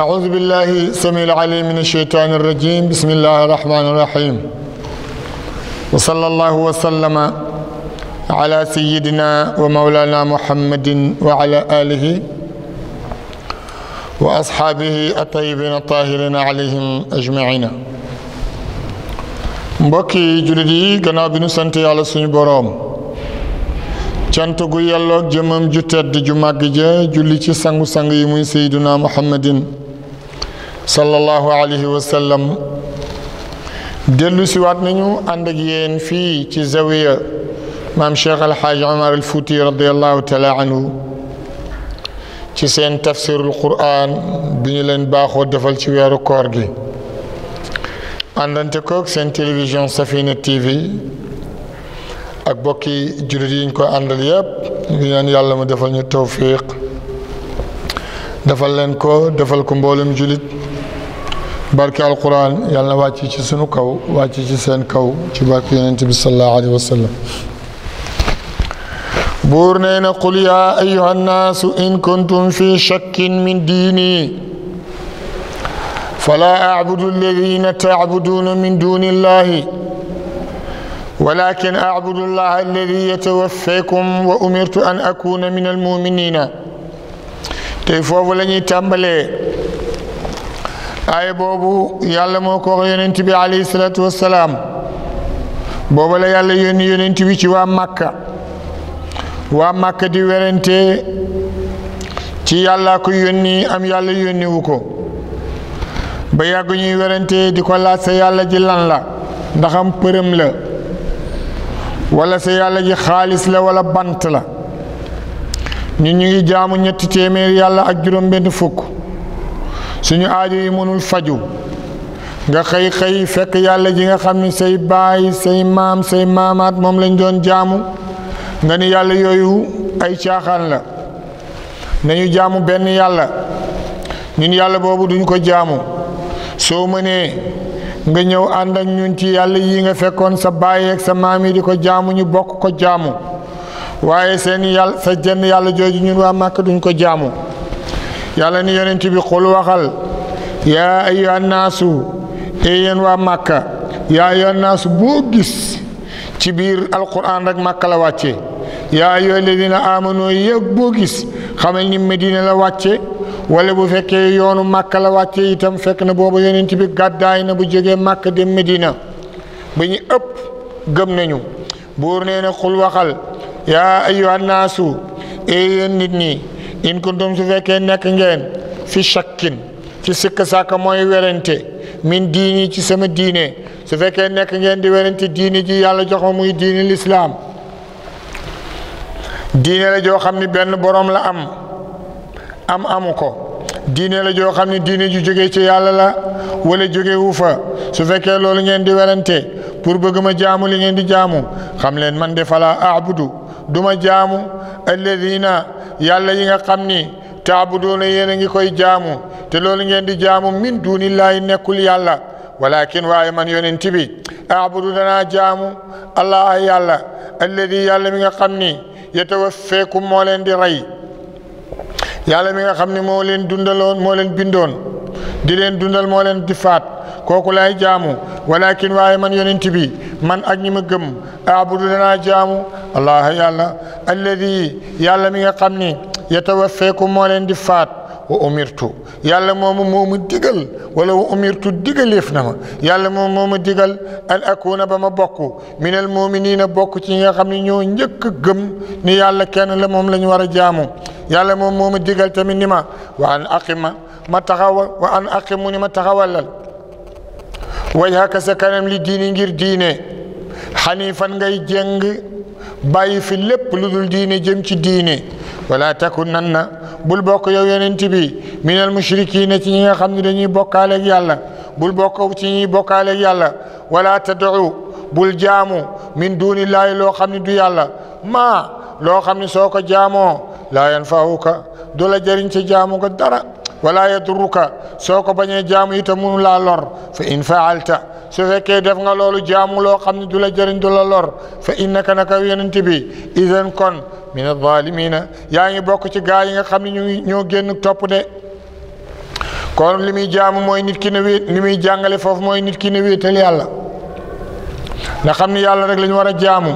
أعوذ بالله السميع العليم من الشيطان الرجيم بسم الله الرحمن الرحيم وصلى الله وسلم على سيدنا ومولانا محمد وعلى آله وأصحابه الطيبين الطاهرين عليهم أجمعين مبكي جلدي yi gannaaw سنتي على سن yàlla suñu boroom cant gu yàlloog jëmam ju tedd ju màgg ja julli sallallahu alayhi wa sallam dellu si waat nañu ànd ak yéen fii ci zawiya maam cheikh alxaaj omar al fouti radiallahu taala anhu ci seen tafsirul quran bi ñu leen baaxoo defal ci weeru koor gi àndante koog seen télévision safina tv ak bokki jullit yiñ ko àndal yépp ñu ñaan yàlla mu defal ñu tawfiq defal leen ko defal ko mboolem jullit barke alquran yàlla na wàcc ci sunu kaw wàcc ci seen kaw ci barke yonent bi sallallahu alayhi wa sallam buur nee na qul yaa ayuha nnaasu in kuntum fi shakkin min diini fala abudu alladina tacbuduuna min duni illahi ولكن أعبد الله الذي يتوفيكم وأمرت أن أكون من المؤمنين تيفوف لني تنبلي aaya boobu yàlla moo ko wax yonent bi alayhi salaatu wassalaam booba la yàlla yónni yonent bi ci waa màkka waa màkka di werante ci yàlla ko yónni am yàlla yónni ko ba yàgg ñuy werante di ko laaj sa yàlla ji lan la ndaxam përëm la wala sa yàlla ji xaalis la wala bant la ñu ngi jaamu ñetti téeméer yàlla ak juróom benn fukk suñu aaju yi mënul faju nga xey xey fekk yàlla ji nga xam ni say baay say maam say maamaat moom lañ doon jaamu nga ni yàlla yooyu ay caaxaan la nañu jaamu benn yàlla ñun yàlla boobu duñ ko jaamu soo mënee nga ñëw ànd ak ñun ci yàlla yi nga fekkoon sa baay ak sa maam yi di ko jaamu ñu bokk ko jaamu waaye seen yàlla sa jenn yàlla jooju ñun waa màkk duñ ko jaamu yàlla ni yonent bi xul waxal yaa ayyuha naasu ey yéen waa màkka yaa ayyuha naasu boo gis ci biir alquran rek màkka la wàcce yaa ayyuha alladina amanu boo gis xamal ni medina la wàcce wala bu fekkee yoonu màkka la wàcce itam fekk na booba yonent bi gàddaay na bu jógee màkka dem medina ba ñu ëpp gëm nañu buur waxal yaa ayyuha naasu ey yéen nit ñi in kuntum su fekkee nekk ngeen fi shakkin ci sikk sàkk mooy werante min diini ci sama diine su fekkee nekk ngeen di werante diini ji yàlla jox muy diini lislaam diine la joo xam ni benn boroom la am am amu ko diine la joo xam ni diine ju jóge ci yàlla la wala jóge wu fa su fekkee loolu ngeen di werante pour bëgg ma jaamu li ngeen di jaamu xam leen man de falaa abudu duma jaamu alladina yàlla yi nga xam ni taabuduuna yéen a ngi koy jaamu te loolu ngeen di jaamu min duunillaahi nekkul yàlla walakin waaye man yonent bi aabudu danaa jaamu allah yàlla alladi yàlla mi nga xam ni yatawafeekum moo leen di rey yàlla mi nga xam ni moo leen dundaloon moo leen bindoon dilen leen dundal moo leen di fat kooku laay jaamu walakin waaye man yonent bi man ak ñi ma gëm aabudu danaa jaamu allah yàlla alladi yàlla mi nga xam ni yatawafeeku moo di fat wa umirtu yàlla moomu moomu digal wala wa umirtu digaleef na ma yàlla moom moomu digal an akuna ba ma bokk minal muminina bokk ci ñi nga xam ne ñoo njëkk gëm ni yàlla kenn la moom la ñu jaamu yàlla moom moomu digal tamit ni ma wa an aqima ما تغوى وأن أقيموني ما تغوى لل ويهاك سكنم لديني غير ديني حنيفا غي جنغ باي في اللب لذل ديني جمتي ديني ولا تكونن بل بوك يو ينتبي من المشركين تيني خمد ديني بوك عليك يالا بل بوك تيني بوك عليك يالا ولا تدعو بل جامو من دون الله لو خمد دي يالا ما لو خمد سوك جامو لا ينفعوك دولا جرين تجامو قد درأ wala yadurruka soo ko bañee jaamu itam munu laa lor fa in faalta su fekkee def nga loolu jaamu loo xam ne du la jëriñ du la lor fa innaka naka yonent bi idan kon min adh-dhalimina yaa ngi bokk ci gaa yi nga xam ne ñu ngi ñoo génn topp de kon li muy jaamu mooy nit ki ne wéet li muy jàngale foofu mooy nit ki ne wéetal yàlla nga xam ne yàlla rek la war a jaamu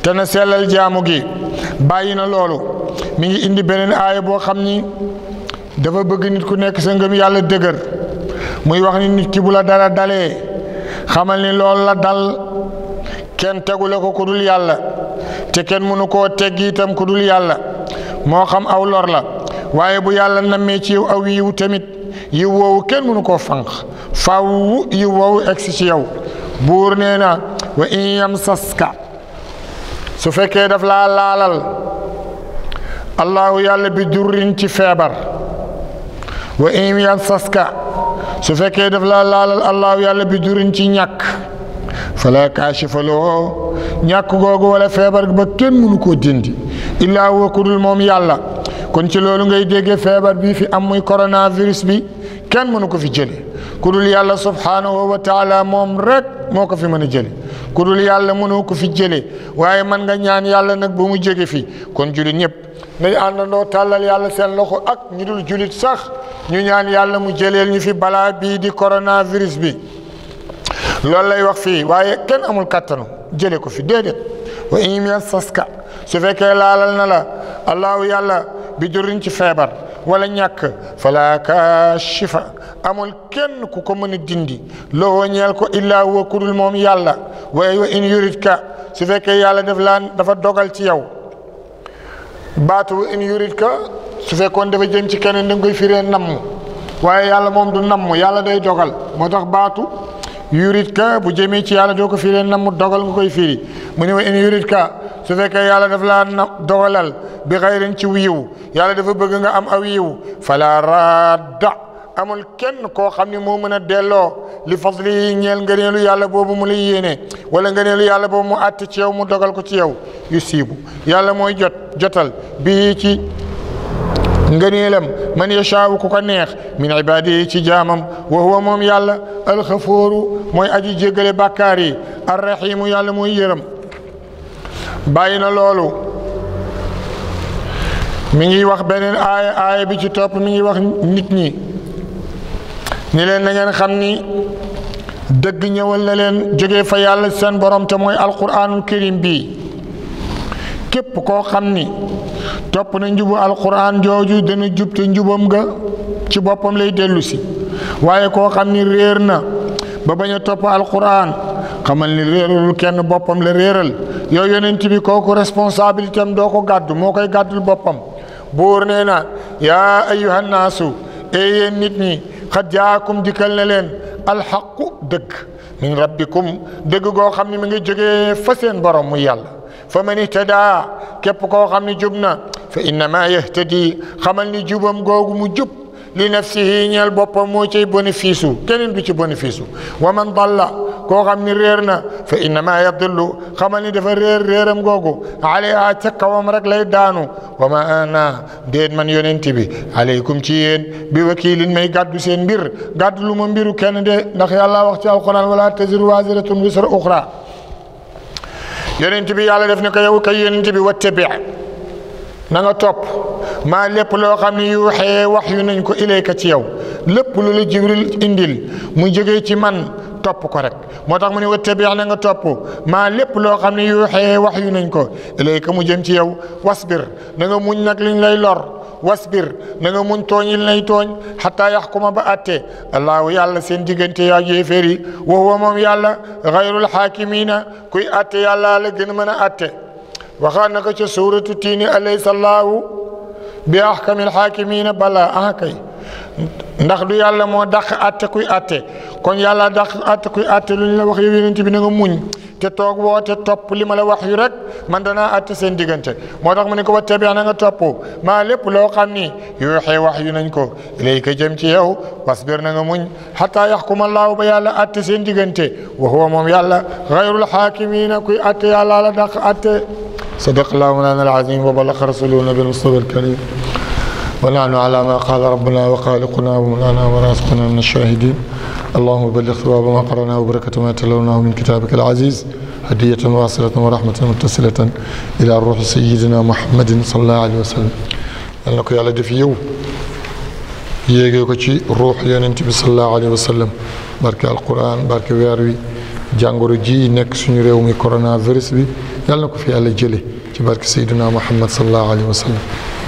te na sellal jaamu gi bàyyi na loolu mi ngi indi beneen aaya boo xam ni dafa bëgg nit ku nekk sa ngëm yàlla dëgër muy wax ni nit ki la dara dale xamal ni lool la dal kenn tegule ko ku dul yàlla te kenn mënu koo teggi itam ku dul yàlla moo xam aw lor la waaye bu yàlla nammee ci aw yiw tamit yiw woowu kenn mënu koo fanq faw yiw woowu egsi ci yow buur nee na wa in yamsaska su fekkee daf laa laalal allahu yàlla bi durrin ci feebar wa in yamsaska su fekkee daf laa laalal allahu yàlla bi durin ci ñàkk fala kaashifa lahu ñàkk googu wala feebar ba kenn mënu ko dindi illaa huwa ku dul moom yàlla kon ci loolu ngay déggee feebar bii fi am muy coronavirus bi kenn mënu ko fi jële ku yàlla subhaanahu wa taala moom rek moo ko fi mën a jële ku yàlla mënu ko fi jële waaye man nga ñaan yàlla nag bu mu jóge fi kon jullit ñëpp nañu àndandoo tàllal yàlla seen loxo ak ñi dul julit sax ñu ñaan yàlla mu jëleel ñu fi balaa bii di coronavirus bi loolu lay wax fii waaye kenn amul kàttanu jële ko fi déedéet wa in yasaska su fekkee laalal na la allahu yàlla bi durriñ ci feebar wala ñàkk fala kaashifa amul ken ku ko mën dindi lo ñeel ko illaa huwa kudul moom yàlla waaye wa in yurid ka su fekkee yàlla def laan dafa dogal ci yow baatu in yurit ka su fekkoon dafa jëm ci keneen da nga koy firee namm waaye yàlla moom du namm yàlla day dogal moo tax baatu yurit ka bu jëmee ci yàlla doo ko firee namm dogal nga koy firi mu ne wa in yurit ka su fekkee yàlla daf laa na dogalal bi xayrin ci wiiw yàlla dafa bëgg nga am aw yiw fala radda amul kenn koo xam ne moo mën a delloo li fadli ñeel ngëneelu yàlla boobu mu lay yéene wala ngëneelu yàlla boobu mu àtt ci yow mu dogal ko ci yow yu siibu yàlla mooy jot jotal bii ci ngëneelam man yashaawu ku ko neex min ibaadihi ci jaamam wa huwa moom yàlla alxafooru mooy aji jéggale bàkkaar yi arrahimu yàlla mooy yërëm bàyyi na loolu mi ngi wax beneen aaya aaya bi ci topp mi ngi wax nit ñi ni leen na ngeen xam ni dëgg ñëwal na leen jóge fa yàlla seen borom te mooy alquraanul karim bii képp koo xam ni topp na njubu alquran jooju dana jub te njubam ga ci boppam lay dellu si waaye koo xam ni réer na ba bañ a topp alquran xamal ni réeralul kenn boppam la réeral yow yonent bi kooku responsabilité am doo ko gàddu moo koy gàddul boppam buur nee na yaa nasu nasu, ee yéen nit ñi xat jaakum dikkal na leen alxaqu dëgg min rabbikum dëgg goo xam ni mi ngi jógee fa seen borom mu yàlla فمن اهتدى كبقو خمني جبنا فإنما يهتدي خملني جبم قوغ مجب لنفسه نيال بابا موشي بونفيسو كنين بيشي بونفيسو ومن ضل كو خمني ريرنا فإنما يضل خملني دفا رير ريرم قوغ عليها تكا ومرك لا يدانو وما أنا دين من يننتبي عليكم تيين بوكيل ما يقدو سين بير قدو لمن بيرو كان دي نخي الله وقت القرآن ولا تزير وازرة وزر أخرى yonent bi yàlla def ne ko yow kay yonent bi wattabi na nga topp maa lépp loo xam yu waxee wax yu nañ ko ilayka ci yow lépp lu la jibril indil mu jógee ci man topp ko rek moo tax wattabi na nga topp maa lépp loo xam ne yu waxee wax yu nañ ko ilayka mu jëm ci yow wasbir na nga muñ nag liñ lay lor واصبر نغا مون تونيل ناي تون حتى يحكم باتي الله يالا سين ديغنتي يا جيفري وهو موم يالا غير الحاكمين كوي اتي يالا لا غن من اتي وخان نكا سوره تين عليه الله باحكم الحاكمين بلا اهكي ndax du yàlla mo dakh àtte kuy àtte kon yàlla dakh àtte kuy àtte lu la wax yow yonent bi na nga muñ te tok wo té top li mala wax yu rek man dana àtte sen digënté moo tax mu ne ko wotté bi na nga topp ma lépp lo xamni yu xé wax yu nañ ko ilayka jëm ci yow wasbir na nga muñ hatta yahkum allah ba yàlla àtte sen digënté wa huwa mom yàlla xayrul hakimin kuy àtte yàlla la dakh àtte sadaq laahu lana al azim wa balaqa rasuluna bil mustafa al karim ونحن على ما قال ربنا وخالقنا ومولانا ورازقنا من الشاهدين اللهم بلغ ثواب ما قرانا وبركه ما تلوناه من كتابك العزيز هدية واصلة ورحمة متصلة إلى روح سيدنا محمد صلى الله عليه وسلم أنا يا لدي في يو يجيك روح يا نتي صلى الله عليه وسلم بارك القرآن بارك ويروي جانغور جي نك سنيري ومي كورونا فيروس بي يا في الجلي تبارك سيدنا محمد صلى الله عليه وسلم